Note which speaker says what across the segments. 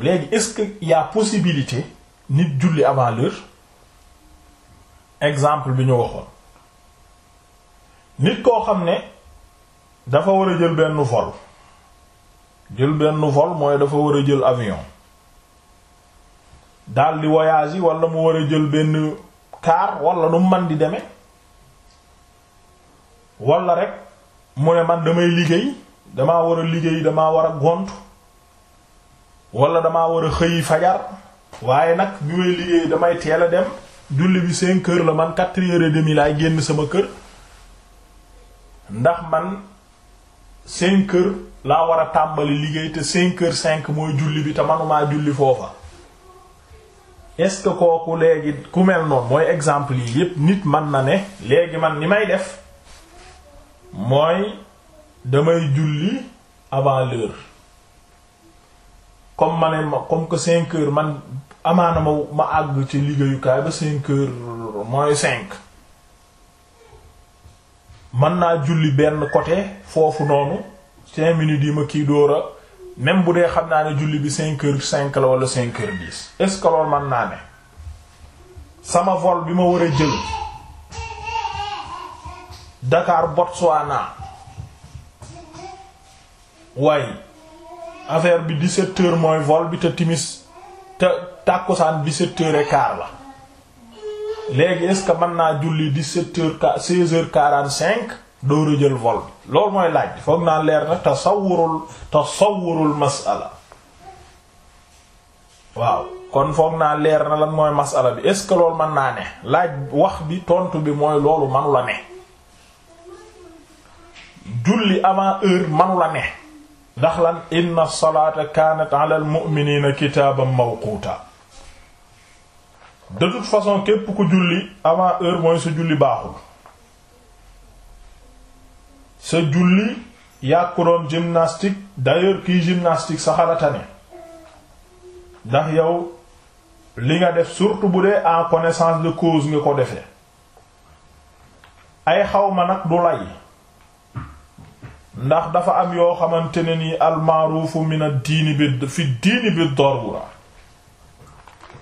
Speaker 1: léegi est-ce que y a possibilité nit julli avant exemple bi ñu waxoon nit koo xam ne dafa war a jël benn vol jël benn vol mooy dafa war a jël avion daldi voyage yi walla mu war a jël benn car walla nu man di deme walla rek mu ne man damay liggéey dama war a liggéey dama war a gont wala damaa war a xëyi fajar waaye nag bi may liggéey damay teel a dem julli bi cinq kër la man quatre heures et demie laay génn sama kër ndax man cinq heures laa war a tàmbali liggéey te cinq heures cinq mooy julli bi te manumaa julli foofa est kooku léegi ku mel noonu mooy exemple yi yépp nit man na ne léegi man ni may def mooy damay julli avant comme ma ne ma comme que cinq man amaana ma àgg ci liggéeyukaay ba cinq heures moins man naa julli benn côté foofu noonu cinq minutes yi ma kii dóora même bu dee xam naa ne julli bi cinq heures la wala cinq heures dix man naa ne sama vol bi ma war a jël Dakar Botswana waaye affaire bi di heures mooy vol bi te timis te tàkkusaan 17 heures et quart la léegi est-ce que mën naa julli di heures 16 heures 45 door jël vol bi loolu mooy laaj foog naa leer na tasawurul tasawurul masala waaw kon foog naa leer na la mooy masala bi est-ce que loolu mën naa ne laaj wax bi tontu bi mooy loolu manu la ne julli avant heure manu la ne ndax lan inna salaata kaanat ala al mu'minina kitaaban mawquuta de toute façon képp ku julli avant heure mooy sa julli baaxul sa julli yàkku doon gymnastique d'ailleurs kii gymnastique sa xalata ne yow li nga def surtout bu dee en connaissance de cause nga ko defee ay xawma nag du lay ndax dafa am yoo xamante ne ni almaaruufu min na diini bi fi diini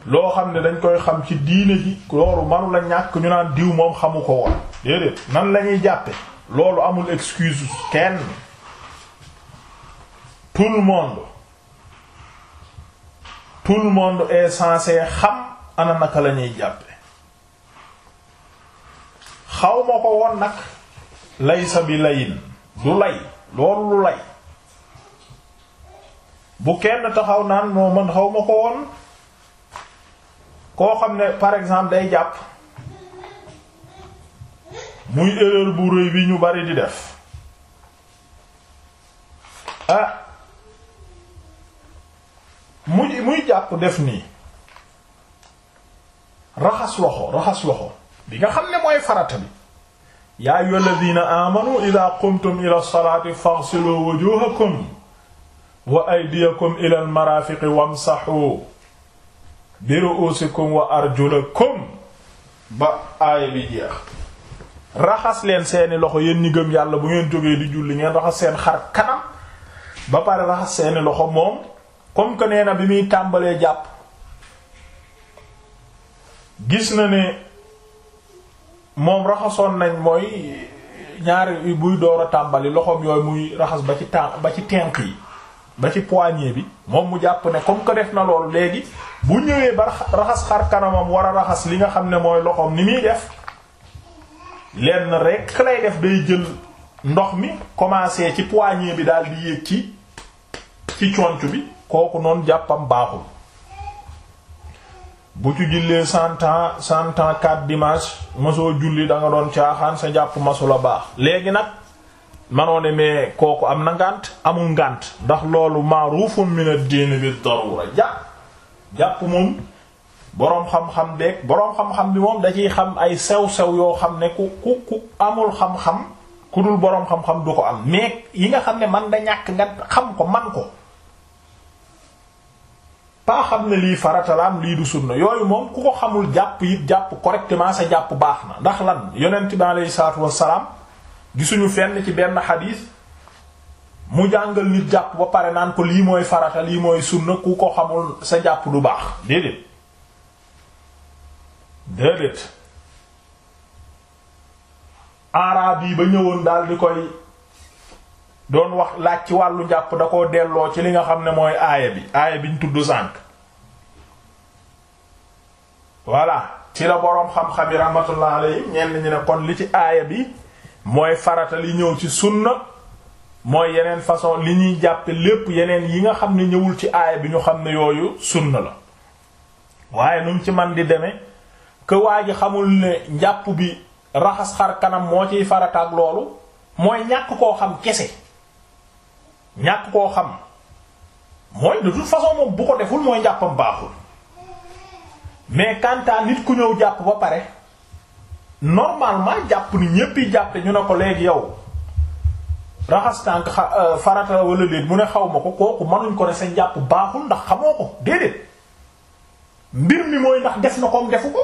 Speaker 1: loo xam ne dañ koy xam ci diine ji loolu manu la ñàkk ñu naan diw moom xamu ko woon nan la ñuy jàppe loolu amul excuse kenn tout le xam ana naka la ñuy jàppe xaw ko woon nag laysa bi layin du lay loolu lu lay bu kenn taxaw naan moo man xaw ma ko woon koo xam ne par exemple day jàpp muy erreur bu rëy bi ñu bari di def ah muy muy jàpp def nii raxas loxo raxas loxo bi nga xam ne mooy farata bi yaa ayyuha alladhina amanu idha qumtum ila as-salati faghsilu wujuhakum wa aydiyakum ila al-marafiqi wamsahu bi ru'usikum wa arjulakum ba aaya bi jeex raxas leen seeni loxo yéen ñi gëm yàlla bu ngeen jógee di julli ngeen raxas seen xar kanam ba pare raxas seeni loxo moom comme que nee bi muy tàmbalee jàpp gis na ne moom raxasoon nañ mooy ñaari buy door a tàmbali loxoom yooyu muy raxas ba ci tànk ba ci tenq yi ba ci poignée bi moom mu jàpp ne comme que def na loolu léegi bu ñëwee ba raxas xar kanamam war a raxas li nga xam ne mooy loxoom ni muy def lenn rek lay def day jël ndox mi commencé ci poignée bi daal di yéeg ci ci conc bi kooku noonu jàppam baaxul bu ci jullee cent ans cent ans quatre dimanche masoo julli da nga doon caaxaan sa jàpp masu la baax léegi nag manoo ne kooku am na ngànt amul ngànt ndax loolu ma'rufun min ad-din bi darura jàpp jàpp moom boroom xam-xam beeg boroom xam-xam bi moom da ciy xam ay sew-sew yoo xam ne ku ku ku amul xam-xam ku dul boroom xam-xam du ko am mais yi nga xam ne man da ñàkk nga xam ko man ko paa xam ne lii faratalaam lii du sunna yooyu moom ku ko xamul jàpp yi jàpp correctement sa jàpp baax na ndax lan yonent bi aleyhi salaatu wassalaam gisuñu fenn ci benn xadiis mu jàngal nit jàpp ba pare naan ko lii mooy farata lii mooy sunna ku ko xamul sa jàpp du baax déedéet déedéet araab yi ba ñëwoon daal di koy doon wax laaj ci wàllu njàpp da koo delloo ci li nga xam ne mooy aaya bi aaya biñ tudd sànk voilà ci la boroom xam-xam yi rahmatullah alayhi ñenn ñi ne kon li ci aaya bi mooy farata li ñëw ci sunna mooy yeneen façon li ñuy jàppe lépp yeneen yi nga xam ne ñëwul ci aaya bi ñu xam ne yooyu sunna la waaye nu mu ci man di demee que waa ji xamul ne njàpp bi raxas xar kanam moo ciy farataak loolu mooy ñàkk koo xam kese ñàkk koo xam mooy de toute façon moom bu ko deful mooy njàppam baaxul mais kantaa nit ku ñëw jàpp ba pare normalement jàpp ni ñépp yi jàpp ñu ne ko léegi yow raxas tànk euh, farata wala léegi mu ne xaw ma ko kooku mënuñ ko ne sa njàpp baaxul ndax xamoo ko déedéet mbir mi mooy ndax def na koom defu ko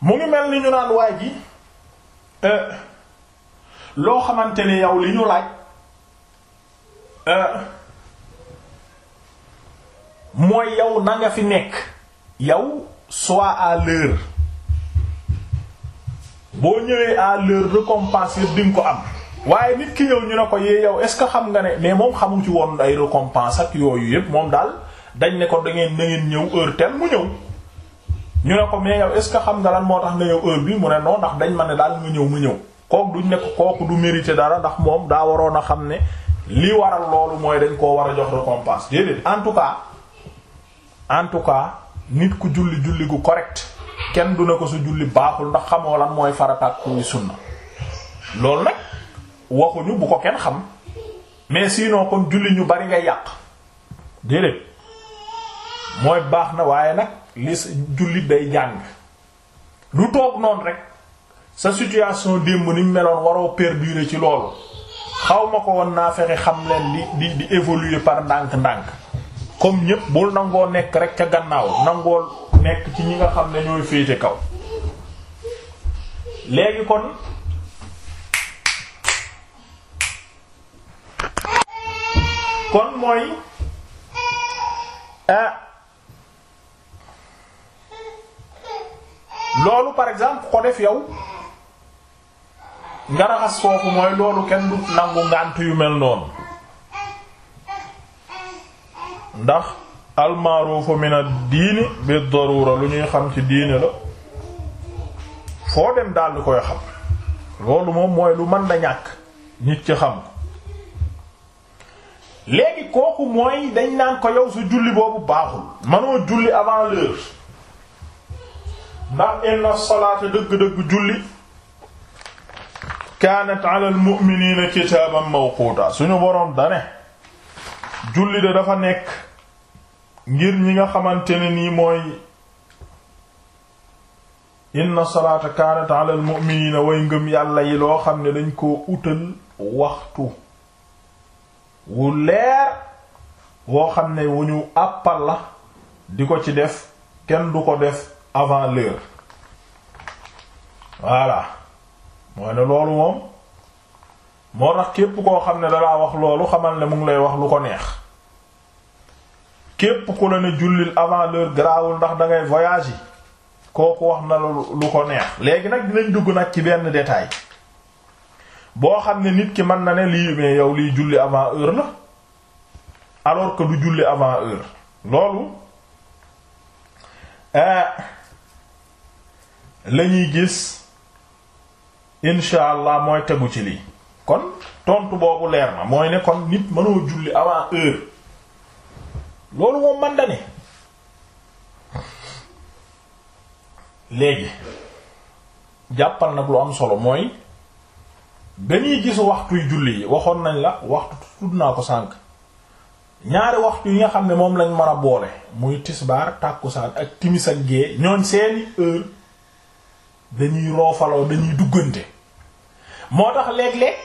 Speaker 1: mu ngi mel ni ñu naan waay ji euh, loo xamante ni yow li ñu laaj. Euh, mooy yow na nga fi nekk yow soit à l'heure boo ñëwee à l'heure récompense yëpp di ko am waaye nit ki ñëw ñu ne ko yee yow est-ce que xam nga ne mais moom xamu ci woon ay récompense ak yooyu yëpp moom daal dañ ne ko da ngeen da ñëw heure telle mu ñëw ñu ne ko mais yow est que xam nga lan moo tax nga ñëw heure bi mu ne non ndax dañ ma ne daal mu ñëw mu ñëw kooku duñ ne ko kooku du mérité dara ndax moom daa waroon a xam ne li waral loolu mooy dañ koo war a jox récompense déedéet en tout en tout cas nit ku julli julli gu correct kenn du na ko su julli baaxul ndax xamoo lan mooy farataak kuy sunna loolu nag waxuñu bu ko kenn xam mais sinon kon julli ñu bari nga yàq déedéet mooy baax na waaye nag li sa jullit day jàng du toog noonu rek sa situation démb ni meloon waroo perdurer ci loolu xaw ma ko woon naa fexe xam leen di di di évoluer par ndànk-ndànk comme ñépp bul nangoo nekk rek ca gannaaw nangoo nekk ci ñi nga xam ne ñooy féete kaw léegi kon kon mooy eh, loolu par exemple ko def yow nga raxas foofu mooy loolu kenn du nangu ngànt yu mel noonu ndax almaaruufu min ad-diini bi daruura lu ñuy xam ci diine la foo dem daal koy xam loolu moom mooy lu mën da ñàkk nit ci xam ko léegi kooku mooy dañ naan ko yow su julli boobu baaxul manoo julli avant l'heure ndax inna salaata dëgg-dëgg julli kaanat ala almu'minina kitaaban mawquuta suñu boroom dane julli de dafa nekk ngir ñi nga xamante ne nii mooy inna salaata kaanat ala almu'minina way ngëm yàlla yi loo xam ne dañ koo utal waxtu wu leer woo xam ne wu ñu àppal la di ko ci def kenn du ko def avant l'heure voilà mooy ne loolu moom moo tax képp koo xam ne dalaa wax loolu xamal ne mu ngi lay wax lu ko neex képp ku la ne jullil avant l'heure garaawul ndax da voyage yi kooku wax na lu ko neex léegi nag dinañ dugg nag ci benn détail boo xam ne nit ki mën na ne lii mais yow lii julli avant heure la alors que du julli avant heure loolu euh, la ñuy gis insha allah mooy tegu ci lii kon tontu boobu leer na mooy ne kon nit mënoo julli avant heure loolu moom man da léegi jàppal nag lu am solo mooy ba ñuy gis waxtuy julli yi waxoon nañ la waxtu tudd naa ko sànq ñaari waxtu yi nga xam ne moom lañ mën a boole muy tisbaar tàkkusaan ak timis ak gée ñooñ seeni heure dañuy roofaloo dañuy duggante moo tax léeg-léeg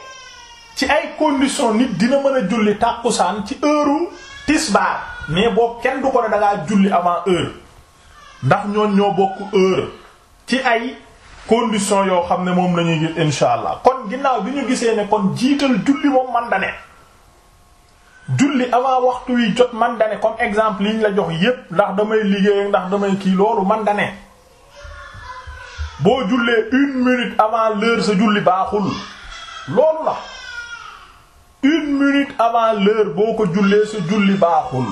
Speaker 1: ci ay conditions nit dina mën a julli tàkkusaan ci heure tisbaar mais boo kenn du ko ne da ngaa julli avant heure ndax ñoon ñoo bokk heure ci ay conditions yoo xam ne moom la ñuy gis insha allah kon ginnaaw bi ñu gisee ne kon jiital julli moom man da ne julli avant waxtu wi jot man da ne comme exemple yi la jox yépp ndax damay liggéey ndax damay kii loolu man da boo jullee une minute avant l'heure sa julli baaxul loolu la une minute avant l'heure boo ko jullee sa julli baaxul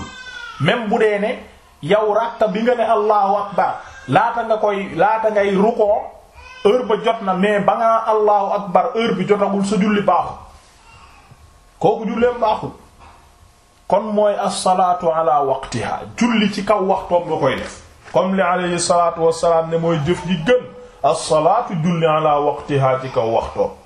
Speaker 1: même bu dee ne yow rakka bi nga ne allahu akbar laata nga koy laata ngay ruqoo heure ba jot na mais ba nga naan allahu akbar heure bi jotagul sa julli baaxul kooku julleem baaxul kon mooy as-salaatu ala waqtiha julli ci kaw waxtoom nga koy def comme li alayhi salaatu wassalaam ne mooy jëf ji gën as-salaatu julli ala waqtihaa ci kaw waxtoom